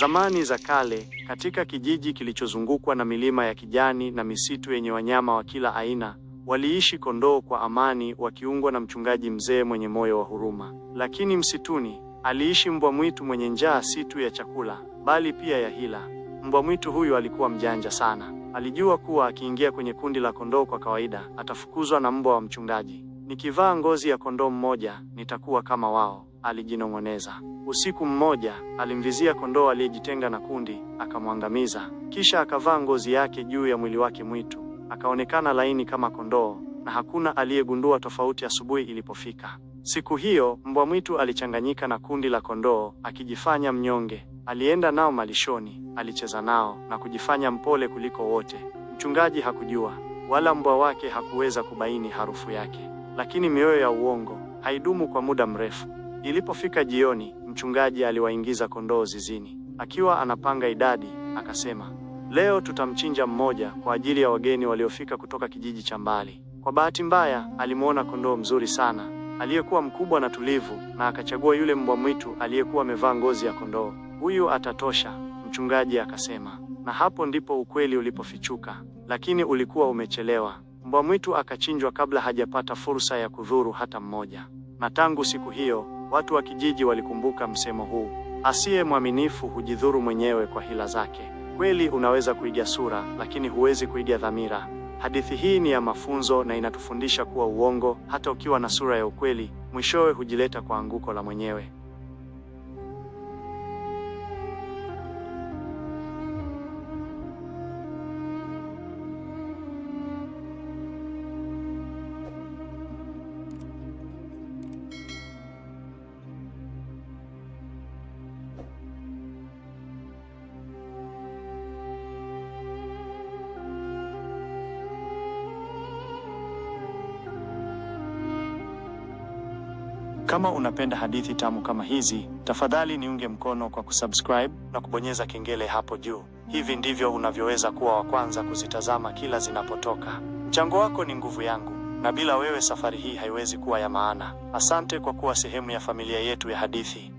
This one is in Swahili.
Zamani za kale, katika kijiji kilichozungukwa na milima ya kijani na misitu yenye wanyama wa kila aina, waliishi kondoo kwa amani wakiungwa na mchungaji mzee mwenye moyo wa huruma. Lakini msituni aliishi mbwa mwitu mwenye njaa si tu ya chakula, bali pia ya hila. Mbwa mwitu huyu alikuwa mjanja sana. Alijua kuwa akiingia kwenye kundi la kondoo kwa kawaida, atafukuzwa na mbwa wa mchungaji. Nikivaa ngozi ya kondoo mmoja, nitakuwa kama wao alijinong'oneza. Usiku mmoja alimvizia kondoo aliyejitenga na kundi, akamwangamiza. Kisha akavaa ngozi yake juu ya mwili wake mwitu, akaonekana laini kama kondoo, na hakuna aliyegundua tofauti asubuhi ilipofika. Siku hiyo mbwa mwitu alichanganyika na kundi la kondoo, akijifanya mnyonge. Alienda nao malishoni, alicheza nao na kujifanya mpole kuliko wote. Mchungaji hakujua wala mbwa wake hakuweza kubaini harufu yake, lakini mioyo ya uongo haidumu kwa muda mrefu. Ilipofika jioni, mchungaji aliwaingiza kondoo zizini. Akiwa anapanga idadi, akasema, leo tutamchinja mmoja kwa ajili ya wageni waliofika kutoka kijiji cha mbali. Kwa bahati mbaya, alimwona kondoo mzuri sana aliyekuwa mkubwa na tulivu, na akachagua yule mbwa mwitu aliyekuwa amevaa ngozi ya kondoo. Huyu atatosha, mchungaji akasema, na hapo ndipo ukweli ulipofichuka, lakini ulikuwa umechelewa. Mbwa mwitu akachinjwa kabla hajapata fursa ya kudhuru hata mmoja, na tangu siku hiyo Watu wa kijiji walikumbuka msemo huu, asiye mwaminifu hujidhuru mwenyewe kwa hila zake. Kweli unaweza kuiga sura, lakini huwezi kuiga dhamira. Hadithi hii ni ya mafunzo na inatufundisha kuwa uongo, hata ukiwa na sura ya ukweli, mwishowe hujileta kwa anguko la mwenyewe. Kama unapenda hadithi tamu kama hizi, tafadhali niunge mkono kwa kusubscribe na kubonyeza kengele hapo juu. Hivi ndivyo unavyoweza kuwa wa kwanza kuzitazama kila zinapotoka. Mchango wako ni nguvu yangu, na bila wewe safari hii haiwezi kuwa ya maana. Asante kwa kuwa sehemu ya familia yetu ya hadithi.